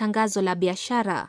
tangazo la biashara.